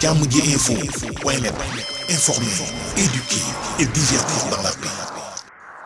jàmm ji info point net et divertir dans la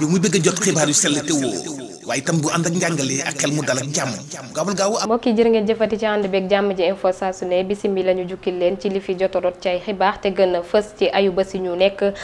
yow muy bëgg a jot xibaar yu sell te woo waaye itam bu ànd ak njàngalee ak xel mu dal ak jàmm gaawal a. mbokk yi ji info saa su ne bisimi ñu jukkil leen ci li fi jotorot ci ay te gën a fës ci ayuba si ñu nekk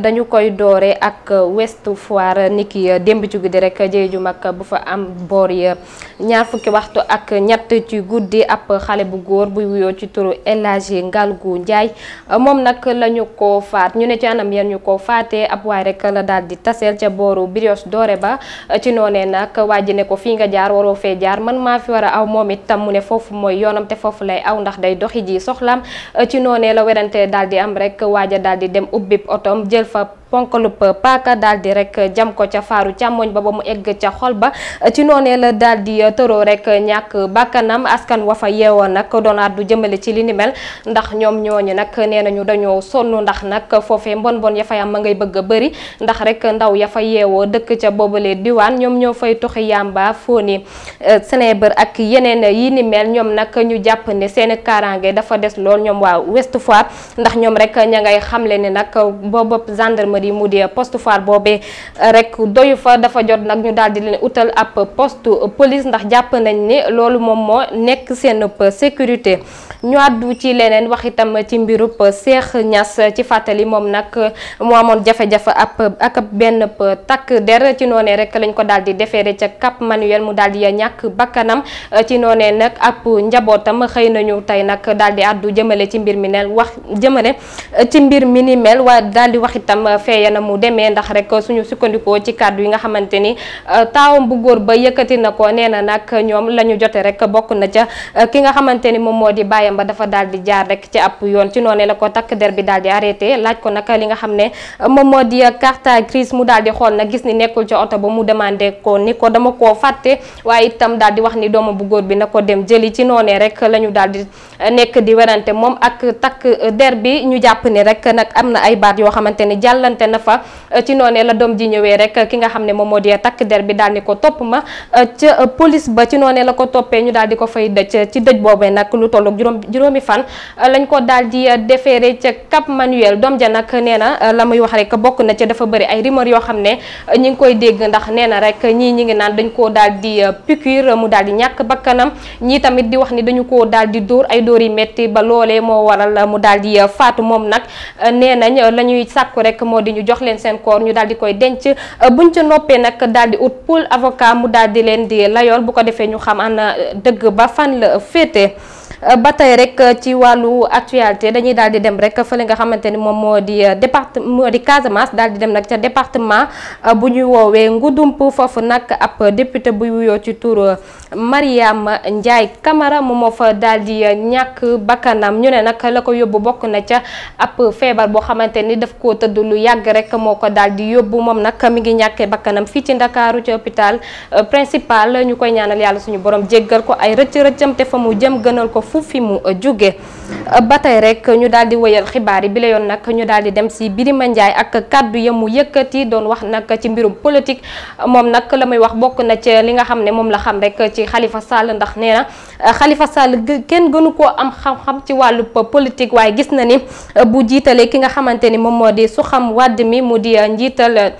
dañu koy doore ak Ouest Foire niki démb ci guddi rek jëye ju mag bu fa am boor ya ñaar fukki waxtu ak ñett ci guddi ab xale bu góor buy wuyoo ci turu El Hadji Ngalgu Njaay moom nag la ko faat ñu ne ci anam yan ñu ko faatee ab waay rek la daal taseel ca booru Brioche ba eh, ci noonee nag waa ji ne ko fii nga jaar waroo fee jaar man maa fi war a aw moom it tam mu ne foofu mooy yoonam te foofu lay aw ndax day doxi ji soxlaam eh, ci la werante daal di am rek waaja daal di dem ubbi otoom jël fa ponkalub paaka daal di rek jam ko ca faaru càmmoñ ba ba mu egg ca xol ba ci noonee la daal di tëroo rek ñàkk bàkkanam askan wa fa yeewoon nag doon addu jëmale ci li ndax ñoom ñooñu nag nee nañu dañoo sonn ndax nag foofee mbon mbon ya fay am ma ngay bëgg a bëri ndax rek ndaw ya fa yeewoo dëkk ca boobale diwaan ñoom ñoo fay tuxi yamba fóoni euh, Sénébar ak yeneen yi ni ñoom nag ñu jàpp ne seeni kaaraange dafa des lool ñoom waa Ouest Foire ndax ñoom rek ña ngay xamle ne nag boobu gendarmerie di mu di poste phare boobee eh, rek doyu fa dafa jot nag ñu daal di leen utal ab poste police ndax jàpp nañ ni loolu moom moo nekk seen sécurité ñu àddu ci leneen wax itam ci mbiru Cheikh Niass ci fàttali moom nag mu amoon jafe-jafe ak benn takk der ci noonee rek lañ ko daal di defeere ca Cap Manuel mu daal di ñàkk bakkanam eh, ci noonee nag ab njabootam xëy nañu tey nag daal di àddu jëmale ci mbir mi nel wax jëmale eh, ci mbir mi ni mel waaye daal feeya na mu demee ndax rek suñu sukkandikoo ci kàddu yi nga xamante ni euh, taawam bu ba yëkkati na ko nee na nag ñoom la ñu jote rek bokk na ca euh, ki nga xamante ni moom moo di bàyyam ba dafa daal di jaar rek ci ab yoon ci noonee la ko takk der bi daal di arrêté laaj ko nag li nga xam ne euh, moom moo di carte mu daal di xool nag gis ni nekkul ca oto ba mu demandé ko ni ko dama koo fàtte waaye itam daal di wax ni doomu bu góor bi na ko dem jëli ci noonee la ñu daal di nekk di werante moom ak takk der bi ñu jàpp ni rek nag am na ay fekkante na fa euh, ci noonee la doom ji ñëwee rek ki nga xam ne moom moo di takk der bi daal ni ko topp ma euh, ca euh, police ba ci noonee la ko toppee ñu daal di ko fay dëj ci dëj boobee nag lu tolloog juróom juróomi fan lañ ko daal di déféré ca Cap Manuel doom ja nag nee na la wax rek bokk na ca dafa bëri ay rumeur yoo xam ne ñi ngi koy dégg ndax nee na rek ñii ñi ngi naan dañ koo daal di piqûre mu daal di ñàkk bakkanam ñii tamit di wax ni dañu koo daal di dóor ay dóor yi métti ba loolee moo waral mu daal sàkku rek moo di ñu jox leen seen corps ñu daal di koy denc euh, buñ ca noppee nag daal di ut pool avocat mu daal di leen di layool bu ko defee ñu xam ana euh, dëgg ba fan la féete Euh, ba tey rek euh, ci wàllu actualité dañuy daal di dem rek fële nga xamante ni moom moo di euh, départe moo di Casamance daal di dem nag ca département bu ñu woowee Ngoudoump foofu nag ab député buy wuyoo ci tur Mariam Ndiaye kamara moom moo fa daal di ñàkk bakkanam ñu ne nag la ko yóbbu bokk na ca ab feebar boo xamante ni daf koo tëdd lu yàgg rek moo ko daal di yóbbu moom nag mu ngi ñàkkee bakkanam fii ci Ndakaaru ci hôpital principal ñu koy ñaanal yàlla suñu borom jéggal ko ay rëcc fu fi mu uh, jóge uh, ba tey rek ñu daal di wëyal xibaar yi bi la yoon nag ñu daal di dem si Birima Ndiaye ak kàddu ya mu yëkkati doon wax nag ci mbirum politique uh, moom nag la may wax bokk na ci li nga xam ne moom la xam rek ci Khalifa Sall ndax nee na Khalifa Sall kenn gënu koo am xam ci wàllu politique waaye gis na ni bu jiitalee ki nga xamante ni moom moo di xam Wade mi mu di njiital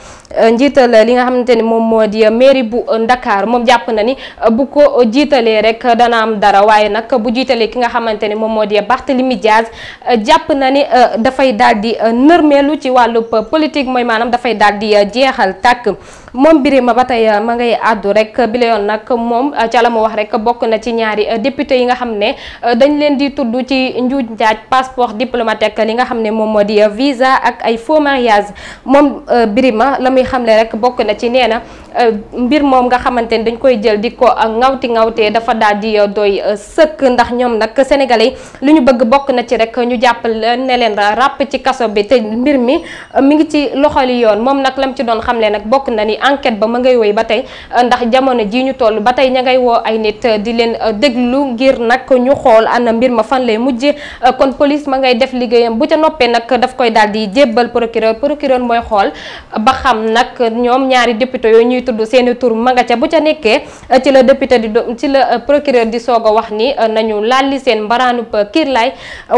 njiital li nga xamante ni moom moo di mairie bu Ndakaar moom jàpp na ni bu ko jiitalee rek dana am dara waaye nag bu jiitalee lëkkale ki nga xamante ne moom moo di Barthélemy Diaz euh, jàpp na ni euh, dafay euh, ci wàllu politique mooy maanaam dafay daal di jeexal tàkk moom Birima ba tey ma ngay àddu rek bi la yoon nag moom ca la mu wax rek bokk na ci ñaari député yi nga xam ne dañ leen di tudd ci njuuj njaaj passeport diplomatique li nga xam ne moom moo di visa ak ay faux mariage moom Birima la muy xamle rek bokk na ci nee na mbir moom nga xamante ni dañ koy jël di ko ŋawti ŋawtee dafa daal di doy sëkk ndax ñoom nag sénégalais li ñu bëgg bokk na ci rek ñu jàppal ne leen ràpp ci kaso bi te mbir mi euh, mi ngi ci loxoli yoon moom nag lam ci doon xamle nag bokk na ni enquête ba ma ngay woy ba tey euh, ndax jamono ji ñu toll ba tey ña ngay woo nit euh, di leen déglu ngir nag ñu xool ana mbir ma fan lay mujje kon police ma ngay def liggéeyam bu ca noppee nag daf koy daal di jébbal procureur procureur mooy xool ba xam nag ñoom ñaari député yooyu ñuy tudd seeni tur ma nga ca bu ca nekkee ci la lalli seen mbaraanub kiirlaay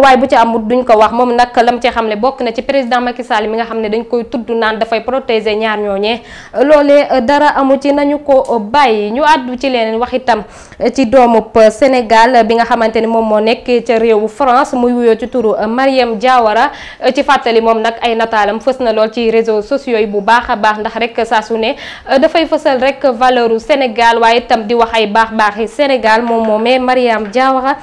waaye bu ci amut duñ ko wax moom nag lam ci xam ne bokk na ci président Macky Sall mi nga xam ne dañ koy tudd naan dafay protéger ñaar ñooñee loolee euh, dara amu ci nañu ko euh, bàyyi ñu àddu ci leneen wax itam euh, ci doomub Sénégal bi nga xamante ni moom moo nekk ca réewu France muy wuyoo ci turu Mariam Diawara ci fàttali moom nag ay nataalam fës na lool ci réseau sociaux yi bu baax a baax ndax rek saa su ne dafay fësal rek valeuru Sénégal waaye itam di wax ay baax baaxi Sénégal moom moomee Mariam Diawara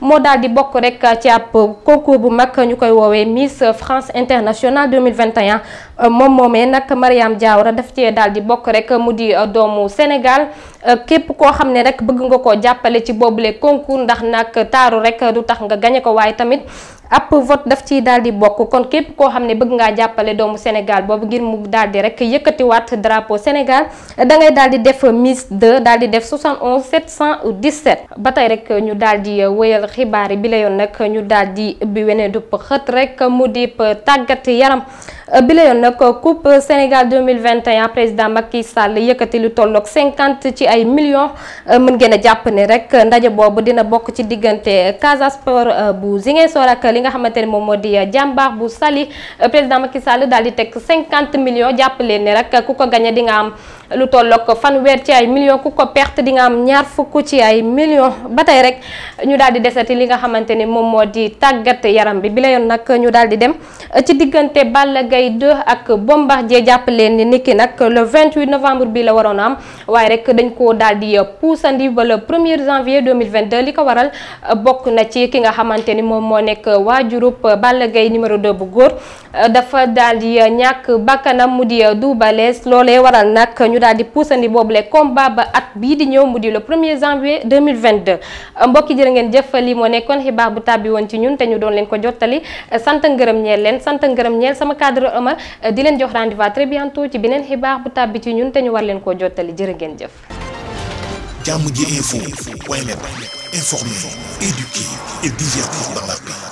moo daal di bokk rek ci ab concours bu mag ñu koy woowee Miss France Internationale 2021 euh, moom moomee nag Mariam Diawara daf cee daal di bokk rek mu di euh, doomu Sénégal euh, képp koo xam ne rek bëgg nga koo jàppale ci boobule concours ndax nag taaru rek du tax nga gañe ko waaye tamit ab vote ciy daal di bokk kon képp koo xam ne bëgg ngaa jàppale doomu Sénégal boobu ngir mu daal di rek yëkkati yëkkatiwaat drapeau Sénégal da ngay daal di def Miss 2 daal di def 71 717 ba tey rek ñu daal di wéyal xibaar yi bi la yoon nag ñu daal di ubbi weneen dupp xët rek mu di tàggat yaram Euh, bi la yoon nag coupe Sénégal 2021 président Macky Sall yëkkati lu tolloog 50 ci ay millions euh, mën ngeen a jàpp ne rek ndaje boobu dina bokk ci diggante Casa Sport euh, bu soo ak li nga xamante ne moom moo di jàmbaar bu Saly président Macky Sall daal di tekk 50 millions jàpp leen ne rek ku ko gagné di nga am lu tolloog fanweer ci ay millions ku ko perte di nga am ñaar fukk ci ay millions ba tey rek ñu daal di desati li nga xamante ni moom moo di tàggat yaram bi bi la nag ñu daal di dem ci diggante Balla Gaye Gueye 2 ak Bombardier jàpp leen ni niki nag la 28 novembre bi la waroon am waaye rek dañ ko daal di puusandi ba le 1er janvier 2022 li ko waral bokk na ci ki nga xamante ni moom moo nekk waajurub Balla gay numéro 2 bu góor dafa daal di ñàkk bakkanam mu di Double loole loolee waral nag ñu daal di puusandi boobule combat ba at bii di ñëw mu di le 1er janvier 2022 mbokki jërë ngeen jëf lii moo nekkoon xibaar bu tàbbi woon ci ñun te ñu doon leen ko jottali sant ngërëm Ama eh, di leen jox rendez-vous très ci beneen xibaar bu tàbbi ci ñun te ñu war leen koo jottali jërë ngeen jëf. jàmm ji info point net informer, éduquer et divertir dans la paix.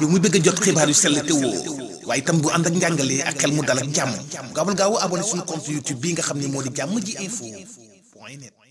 yow mi bëgg a jot xibaar yu sell te woo waaye itam bu ànd ak njàngalee ak xel mu dal ak jàmm gaawal gaaw abonné suñu compte YouTube bii nga xam ne moo di jàmm ji info